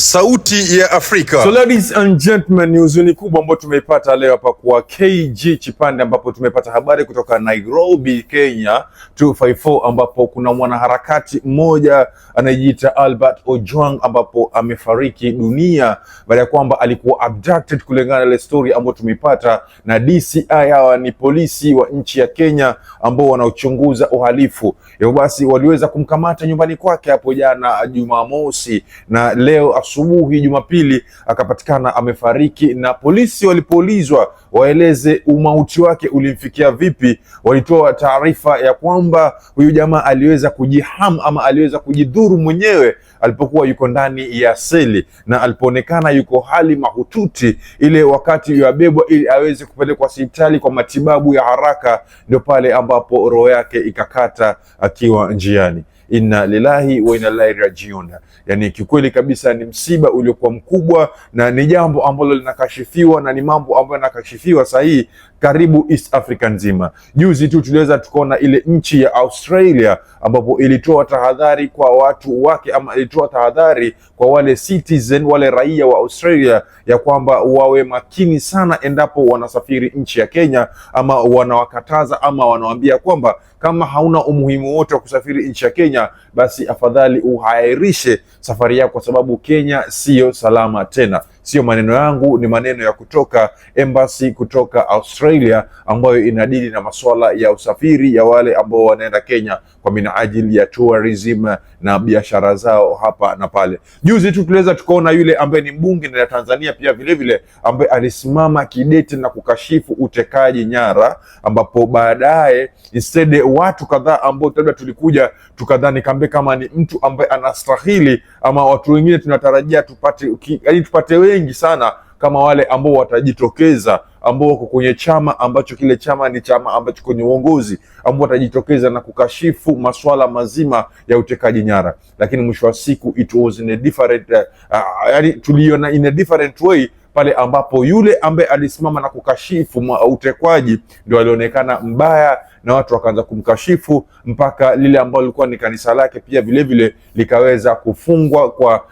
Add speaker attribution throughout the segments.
Speaker 1: Sauti ya Afrika.
Speaker 2: So ladies and gentlemen, ni huzuni kubwa ambayo tumeipata leo hapa kwa KG Chipande, ambapo tumepata habari kutoka Nairobi, Kenya 254 ambapo kuna mwanaharakati mmoja anayejiita Albert Ojwang ambapo amefariki dunia baada ya kwamba alikuwa abducted, kulingana na ile story ambayo tumeipata na DCI. Hawa ni polisi wa nchi ya Kenya ambao wanaochunguza uhalifu, hivyo basi waliweza kumkamata nyumbani kwake hapo jana Jumamosi na leo asubuhi Jumapili akapatikana amefariki, na polisi walipoulizwa waeleze umauti wake ulimfikia vipi, walitoa taarifa ya kwamba huyu jamaa aliweza kujiham ama aliweza kujidhuru mwenyewe alipokuwa yuko ndani ya seli, na alipoonekana yuko hali mahututi ile wakati yabebwa ili aweze kupelekwa hospitali kwa matibabu ya haraka, ndio pale ambapo roho yake ikakata akiwa njiani inna lillahi wa inna ilaihi rajiun. Yani kikweli kabisa ni msiba uliokuwa mkubwa na ni jambo ambalo linakashifiwa na ni mambo ambayo yanakashifiwa sahihi karibu East Africa nzima. Juzi tu tuliweza tukaona ile nchi ya Australia ambapo ilitoa tahadhari kwa watu wake ama ilitoa tahadhari kwa wale citizen, wale raia wa Australia ya kwamba wawe makini sana endapo wanasafiri nchi ya Kenya, ama wanawakataza ama wanawaambia kwamba kama hauna umuhimu wote wa kusafiri nchi ya Kenya, basi afadhali uhairishe safari yako kwa sababu Kenya siyo salama tena sio maneno yangu, ni maneno ya kutoka embassy kutoka Australia ambayo inadili na masuala ya usafiri ya wale ambao wanaenda Kenya kwa minajili ya tourism na biashara zao hapa na pale. Juzi tu tuliweza tukaona yule ambaye ni mbunge na Tanzania pia vilevile, ambaye alisimama kidete na kukashifu utekaji nyara, ambapo baadaye instead watu kadhaa ambao labda tulikuja tukadhani kambe kama ni mtu ambaye anastahili ama watu wengine tunatarajia tupate, yani tupate wengi sana kama wale ambao watajitokeza ambao wako kwenye chama ambacho kile chama ni chama ambacho kwenye uongozi ambao watajitokeza na kukashifu masuala mazima ya utekaji nyara, lakini mwisho wa siku it was in a different uh, uh yani tuliona in a different way pale ambapo yule ambaye alisimama na kukashifu uh, utekwaji ndio alionekana mbaya na watu wakaanza kumkashifu mpaka lile ambalo lilikuwa ni kanisa lake pia vilevile vile likaweza kufungwa kwa,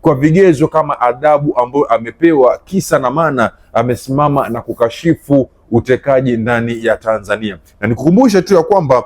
Speaker 2: kwa vigezo kama adhabu ambayo amepewa, kisa na maana amesimama na kukashifu utekaji ndani ya Tanzania. Na nikukumbushe tu ya kwamba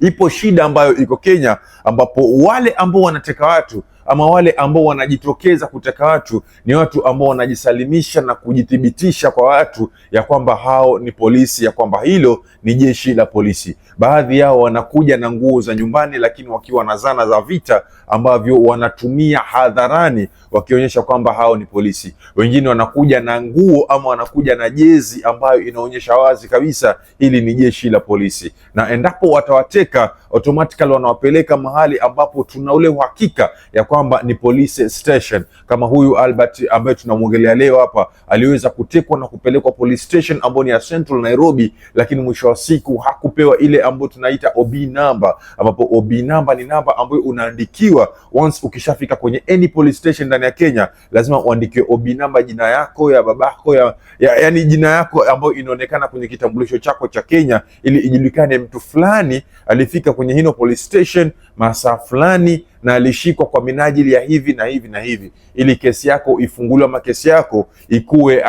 Speaker 2: ipo shida ambayo iko Kenya ambapo wale ambao wanateka watu ama wale ambao wanajitokeza kuteka watu ni watu ambao wanajisalimisha na kujithibitisha kwa watu ya kwamba hao ni polisi, ya kwamba hilo ni jeshi la polisi. Baadhi yao wanakuja na nguo za nyumbani, lakini wakiwa na zana za vita ambavyo wanatumia hadharani, wakionyesha kwamba hao ni polisi. Wengine wanakuja na nguo ama wanakuja na jezi ambayo inaonyesha wazi kabisa hili ni jeshi la polisi, na endapo watawateka automatically wanawapeleka mahali ambapo tuna ule uhakika ya kwamba kwamba ni police station, kama huyu Albert ambaye tunamwongelea leo hapa aliweza kutekwa na kupelekwa police station ambayo ni ya Central Nairobi, lakini mwisho wa siku hakupewa ile ambayo tunaita OB number, ambapo OB number ni namba ambayo unaandikiwa once ukishafika kwenye any police station ndani ya Kenya, lazima uandikiwe OB number, jina yako ya babako ya, ya, yani jina yako ambayo inaonekana kwenye kitambulisho chako cha Kenya, ili ijulikane mtu fulani alifika kwenye hino police station masaa fulani na alishikwa kwa minajili ya hivi na hivi na hivi, ili kesi yako ifunguliwe ama kesi yako ikuwe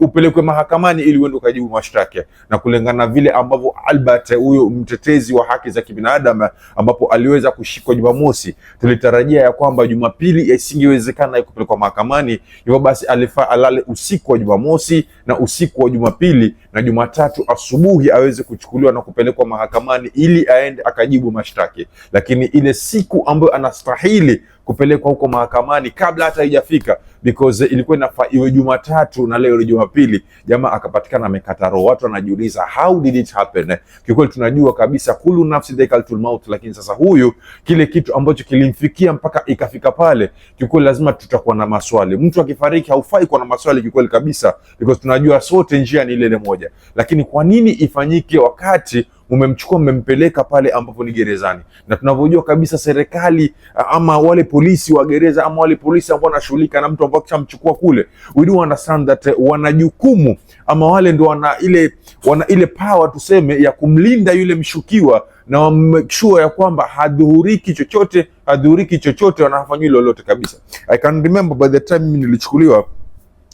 Speaker 2: upelekwe mahakamani ili uende ukajibu mashtaka, na kulingana vile ambavyo Albert huyo mtetezi wa haki za kibinadamu ambapo aliweza kushikwa Jumamosi, tulitarajia ya kwamba Jumapili isingewezekana kupelekwa mahakamani, hivyo basi alifaa alale usiku wa Jumamosi na usiku wa Jumapili na Jumatatu asubuhi aweze kuchukuliwa na kupelekwa mahakamani ili aende akajibu mashtaka, lakini ile siku ambayo anastahili kupelekwa huko mahakamani kabla hata haijafika, because ilikuwa inafaa iwe Jumatatu na leo ni Jumapili, jamaa akapatikana amekata roho. Watu wanajiuliza how did it happen? Kiukweli tunajua kabisa kulu nafsi dhaikatul maut, lakini sasa huyu, kile kitu ambacho kilimfikia mpaka ikafika pale, kiukweli lazima tutakuwa na maswali. Mtu akifariki haufai kuwa na maswali kiukweli kabisa, because tunajua sote njia ni ile ile moja, lakini kwa nini ifanyike wakati mmemchukua mmempeleka pale ambapo ni gerezani, na tunavyojua kabisa serikali ama wale polisi wa gereza ama wale polisi ambao wanashughulika na mtu ambaye kishamchukua kule, we do understand that eh, wana jukumu ama wale ndio wana ile wana ile power tuseme ya kumlinda yule mshukiwa na wamekishua ya kwamba hadhuhuriki chochote, hadhuhuriki chochote, wanafanya lolote kabisa. I can remember by the time mimi nilichukuliwa,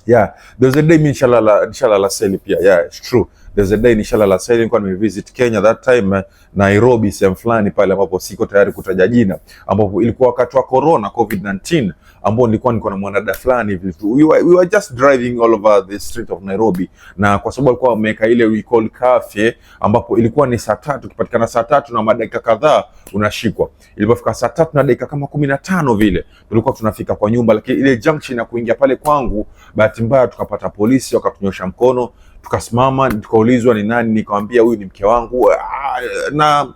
Speaker 2: yeah there was a day mimi inshallah, inshallah la seli pia, yeah it's true there's a day inshallah la sasa, nilikuwa nimevisit Kenya that time eh, Nairobi, sehemu fulani pale ambapo siko tayari kutaja jina, ambapo ilikuwa wakati wa corona covid 19, ambao nilikuwa niko na mwanada fulani hivi we, we were just driving all over the street of Nairobi, na kwa sababu alikuwa ameweka ile we call cafe, ambapo ilikuwa ni saa tatu, ukipatikana saa tatu na madakika kadhaa unashikwa. Ilipofika saa tatu na dakika kama kumi na tano vile tulikuwa tunafika kwa nyumba, lakini ile junction ya kuingia pale kwangu, bahati mbaya tukapata polisi wakatunyosha mkono tukasimama, tukaulizwa ni nani, nikamwambia huyu ni mke wangu, ah, na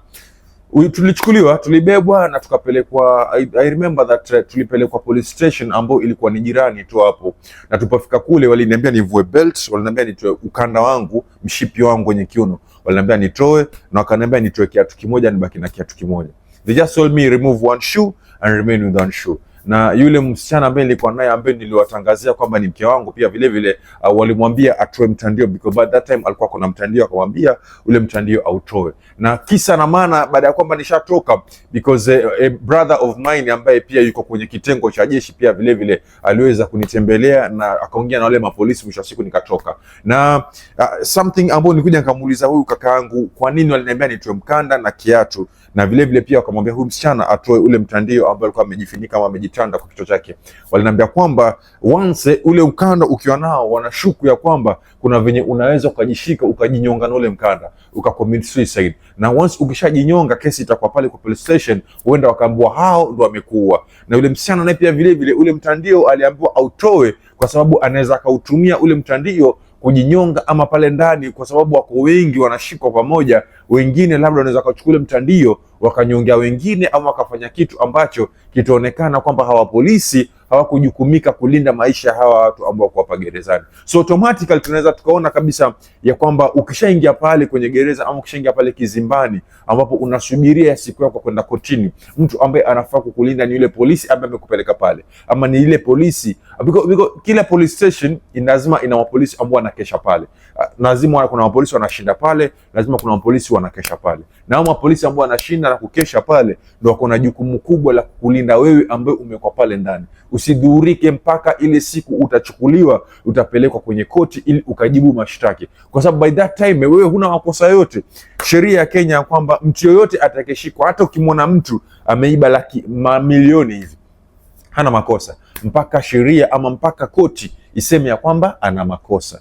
Speaker 2: tulichukuliwa, tulibebwa na tukapelekwa. I, I remember that tulipelekwa police station ambayo ilikuwa ni jirani tu hapo, na tupofika kule waliniambia nivue belt, waliniambia nitoe ukanda wangu, mshipi wangu wenye kiuno, waliniambia nitoe, na wakaniambia nitoe kiatu kimoja, nibaki na kiatu kimoja. They just told me remove one shoe and remain with one shoe na yule msichana ambaye nilikuwa naye ambaye niliwatangazia kwamba ni mke wangu pia vile vile, uh, walimwambia atoe mtandio because by that time alikuwa kuna mtandio, akamwambia ule mtandio autoe, na kisa na maana, baada ya kwamba nishatoka because a, eh, a eh, brother of mine ambaye pia yuko kwenye kitengo cha jeshi pia vile vile aliweza kunitembelea na akaongea na wale mapolisi, mwisho wa siku nikatoka na uh, something ambao nilikuja nikamuuliza huyu kaka yangu, kwa nini walinambia nitoe mkanda na kiatu, na vile vile pia wakamwambia huyu msichana atoe ule mtandio ambao alikuwa amejifunika ama ameji kitanda kwa kichwa chake. Waliniambia kwamba once ule ukanda ukiwa nao, wanashuku ya kwamba kuna venye unaweza ukajishika ukajinyonga na ule mkanda ukakomit suicide, na once ukishajinyonga, kesi itakuwa pale kwa police station, huenda wakaambua hao ndo wamekuua. Na yule msichana naye pia vilevile, ule mtandio aliambiwa autoe kwa sababu anaweza akautumia ule mtandio kujinyonga ama pale ndani, kwa sababu wako wengi wanashikwa pamoja wengine labda wanaweza wakachukulia mtandio wakanyongea wengine, ama wakafanya kitu ambacho kitaonekana kwamba hawapolisi hawakujukumika kulinda maisha ya hawa watu ambao wako hapa gerezani. So automatically tunaweza tukaona kabisa ya kwamba ukishaingia pale kwenye gereza ama ukishaingia pale kizimbani, ambapo unasubiria siku yako kwenda kotini, mtu ambaye anafaa kukulinda ni yule polisi ambaye amekupeleka pale, ama ni ile polisi because, because, kila police station lazima ina mapolisi ambao wanakesha pale, ah, lazima kuna mapolisi wanashinda pale, lazima kuna mapolisi wanakesha pale, na hao mapolisi ambao wanashinda na kukesha pale ndio wako na jukumu kubwa la kukulinda wewe ambaye umekuwa pale ndani usidhuhurike mpaka ile siku utachukuliwa, utapelekwa kwenye koti ili ukajibu mashtaki, kwa sababu by that time wewe huna makosa yote. Sheria ya Kenya ya kwamba mtu yoyote atakayeshikwa, hata ukimwona mtu ameiba laki mamilioni hivi, hana makosa mpaka sheria ama mpaka koti iseme ya kwamba ana makosa.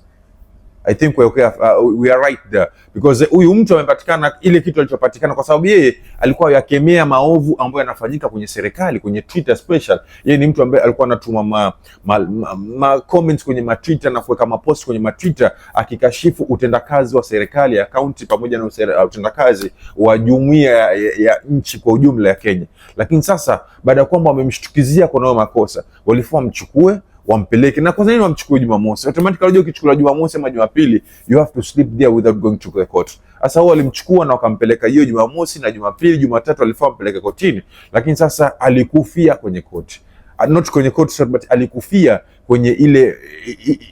Speaker 2: I think we are, uh, we are right there because huyu mtu amepatikana ile kitu alichopatikana kwa sababu yeye alikuwa yakemea maovu ambayo yanafanyika kwenye serikali kwenye Twitter special. Yeye ni mtu ambaye alikuwa anatuma ma, ma, ma, ma comments kwenye ma Twitter na kuweka mapost kwenye ma Twitter akikashifu utendakazi wa serikali ya kaunti pamoja na uh, utendakazi wa jumuiya ya, ya, ya nchi kwa ujumla ya Kenya. Lakini sasa baada ya kwamba wamemshtukizia kwa nayo makosa walifua mchukue wampeleke na kwanza nini wamchukue Jumamosi? Automatically unajua ukichukuliwa Jumamosi ama Jumapili you have to sleep there without going to the court. Sasa wao alimchukua na wakampeleka hiyo Jumamosi na Jumapili, Jumatatu alifaa wampeleke kotini, lakini sasa alikufia kwenye koti ah, not kwenye court but alikufia kwenye ile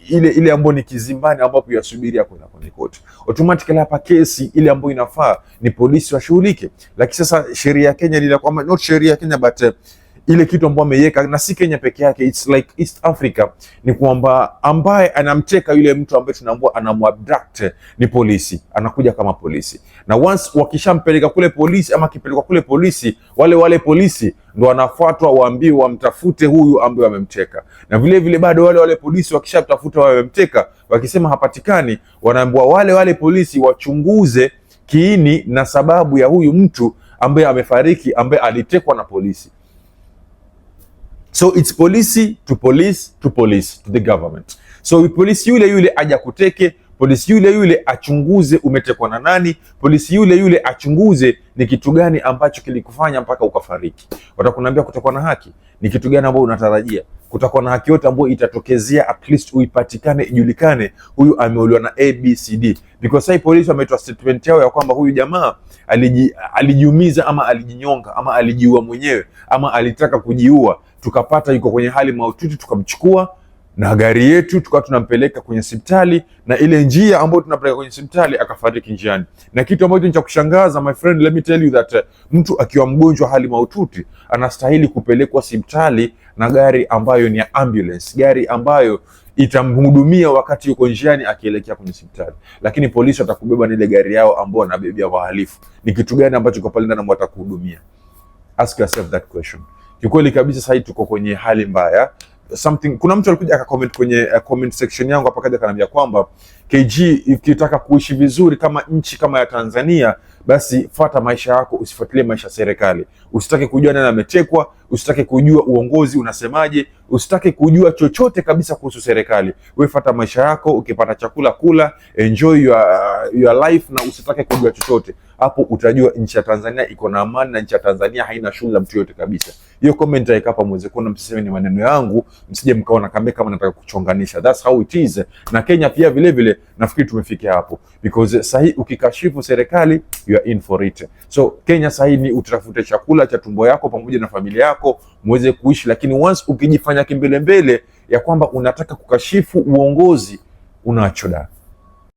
Speaker 2: ile ile ambayo ni kizimbani ambapo yasubiria kwenda kwenye court. Automatically hapa kesi ile ambayo inafaa ni polisi washughulike, lakini sasa sheria ya Kenya ni kwamba not sheria ya Kenya but uh, ile kitu ambayo ameiweka, na si Kenya peke yake, it's like East Africa, ni kwamba ambaye anamcheka yule mtu ambaye tunaambua anamwabduct ni polisi, anakuja kama polisi, na once wakishampeleka kule polisi ama akipelekwa kule polisi, wale wale polisi ndo wanafuatwa waambiwe wamtafute huyu ambaye wamemteka, na vile vile bado wale wale polisi wakishatafuta wamemteka, wakisema hapatikani, wanaambiwa wale wale polisi wachunguze kiini na sababu ya huyu mtu ambaye amefariki ambaye alitekwa na polisi. So it's polisi to police to police to the government. So polisi yule yule aja kuteke, polisi yule yule achunguze umetekwa na nani, polisi yule yule achunguze ni kitu gani ambacho kilikufanya mpaka ukafariki. Watakunaambia kutekwa na haki ni kitu gani ambacho unatarajia kutakuwa na haki yote ambayo itatokezea, at least uipatikane, ijulikane huyu ameuliwa na ABCD, because sasa polisi wametoa statement yao ya kwamba huyu jamaa aliji, alijiumiza ama alijinyonga ama alijiua mwenyewe ama alitaka kujiua, tukapata yuko kwenye hali mahututi, tukamchukua na gari yetu tukawa tunampeleka kwenye hospitali, na ile njia ambayo tunapeleka kwenye hospitali akafariki njiani. Na kitu ambacho ni cha kushangaza, my friend, let me tell you that eh, mtu akiwa mgonjwa hali mahututi anastahili kupelekwa hospitali na gari ambayo ni ya ambulance, gari ambayo itamhudumia wakati yuko njiani akielekea kwenye hospitali, lakini polisi watakubeba na ile gari yao ambao wanabebea wahalifu. Ni kitu gani ambacho kwa pale ndani watakuhudumia? Ask yourself that question. Kikweli kabisa, sasa tuko kwenye hali mbaya something kuna mtu alikuja akacomment kwenye uh, comment section yangu hapa, kaja kanambia kwamba KG, ukitaka kuishi vizuri kama nchi kama ya Tanzania, basi fata maisha yako, usifuatilie maisha ya serikali. Usitaki kujua nani ametekwa, usitake kujua uongozi unasemaje, usitake kujua chochote kabisa kuhusu serikali. Wewe fuata maisha yako, ukipata chakula kula, enjoy your, uh, your life na usitake kujua chochote. Hapo utajua nchi ya Tanzania iko na amani na nchi ya Tanzania haina shughuli la mtu yote kabisa. Hiyo comment nitaweka hapa mweze kuona, msiseme ni maneno yangu, msije mkaona kambe kama nataka kuchonganisha. That's how it is. Na Kenya pia vile vile nafikiri tumefikia hapo because sahi ukikashifu serikali you are in for it. So Kenya sahi ni utafute chakula cha tumbo yako pamoja na familia yako yako muweze kuishi. Lakini once ukijifanya kimbelembele ya kwamba unataka kukashifu uongozi, unawachodani